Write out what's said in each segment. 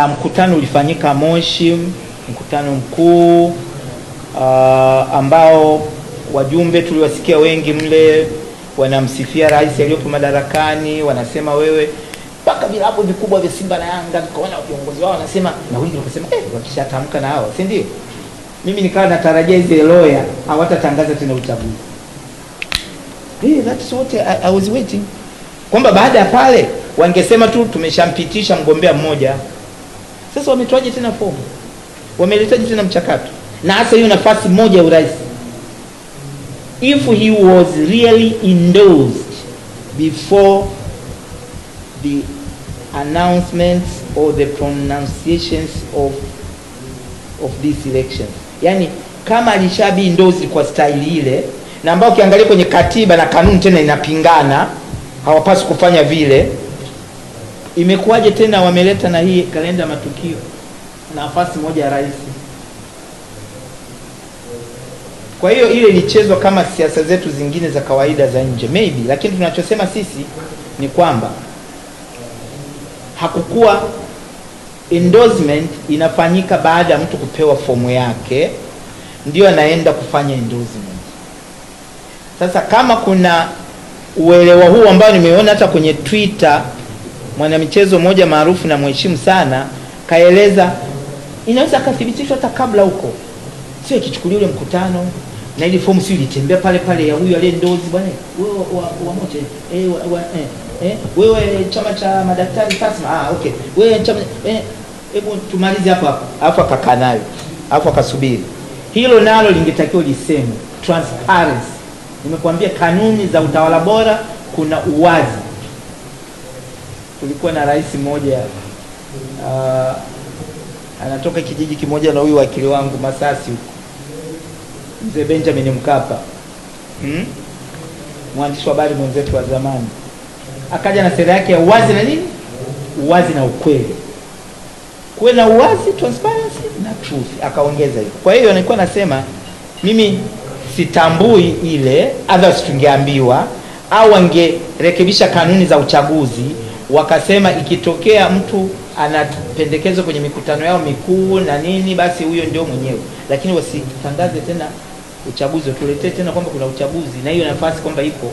Ah, mkutano ulifanyika Moshi, mkutano mkuu uh, ambao wajumbe tuliwasikia wengi mle wanamsifia rais aliyopo madarakani, wanasema wewe mpaka vilabu vikubwa vya Simba na Yanga vikaona viongozi wao wanasema, na wengi wakasema eh, wakishatamka na hao, si ndio? Mimi nikawa natarajia hizi lawyer hawatatangaza tena uchaguzi. Hey, eh, that's what I, I was waiting kwamba baada ya pale wangesema tu tumeshampitisha mgombea mmoja sasa wametoaje tena fomu, wameletaje tena mchakato? Na hasa hiyo nafasi moja ya urais, if he was really endorsed before the announcements or the pronunciations of of this election, yani kama alishabi endorsed kwa staili ile na ambayo ukiangalia kwenye katiba na kanuni tena inapingana, hawapaswi kufanya vile. Imekuwaje tena wameleta na hii kalenda matukio na nafasi moja ya rais? Kwa hiyo ile ilichezwa kama siasa zetu zingine za kawaida za nje maybe, lakini tunachosema sisi ni kwamba hakukuwa endorsement inafanyika baada ya mtu kupewa fomu yake ndio anaenda kufanya endorsement. Sasa kama kuna uelewa huu ambao nimeona hata kwenye Twitter mwanamichezo mmoja maarufu na mheshimu sana kaeleza, inaweza kathibitishwa hata kabla huko, sio ikichukulia ule mkutano na ile fomu, sio ilitembea pale pale ya huyu aliye ndozi bwana, wewe wa, wa mote eh, wa, eh, eh, wewe chama cha madaktari Tasma, ah okay, wewe chama eh, hebu tumalize hapo hapo, alafu akakaa nayo, alafu akasubiri. Hilo nalo lingetakiwa lisemwe transparency. Nimekuambia kanuni za utawala bora kuna uwazi tulikuwa na rais mmoja uh, anatoka kijiji kimoja na huyu wakili wangu Masasi huko, mzee Benjamin Mkapa hmm? mwandishi wa habari mwenzetu wa zamani, akaja na sera yake ya uwazi na nini, uwazi na ukweli, kuwe na uwazi transparency na truth, akaongeza hivyo. Kwa hiyo nilikuwa nasema mimi sitambui ile others, tungeambiwa au angerekebisha kanuni za uchaguzi wakasema ikitokea mtu anapendekezwa kwenye mikutano yao mikuu na nini, basi huyo ndio mwenyewe, lakini wasitangaze tena uchaguzi, watuletee tena kwamba kuna uchaguzi na hiyo nafasi kwamba ipo.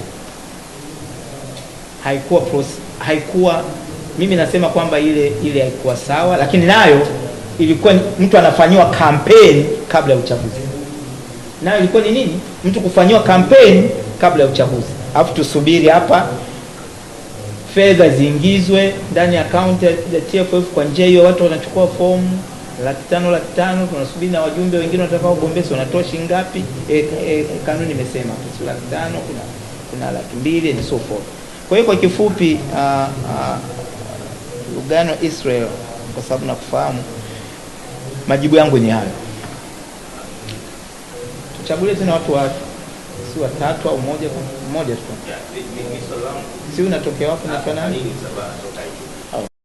Haikuwa pros, haikuwa mimi nasema kwamba ile ile haikuwa sawa, lakini nayo ilikuwa mtu anafanyiwa kampeni kabla ya uchaguzi. Nayo ilikuwa ni nini? Mtu kufanyiwa kampeni kabla ya uchaguzi, alafu tusubiri hapa fedha ziingizwe ndani ya akaunti ya TFF kwa njia hiyo. Watu wanachukua fomu laki tano laki tano, tunasubiri na wajumbe wengine watakaogombea, wanatoa shilingi ngapi? E, e, kanuni imesema kuna laki tano, kuna kuna laki mbili na so forth. Kwa hiyo kwa kifupi, Lugano ah, ah, Israel, kwa sababu nakufahamu, majibu yangu ni hayo. Tuchagulie tena watu watu si watatu au moja moja tu, si unatokea wapi na fanani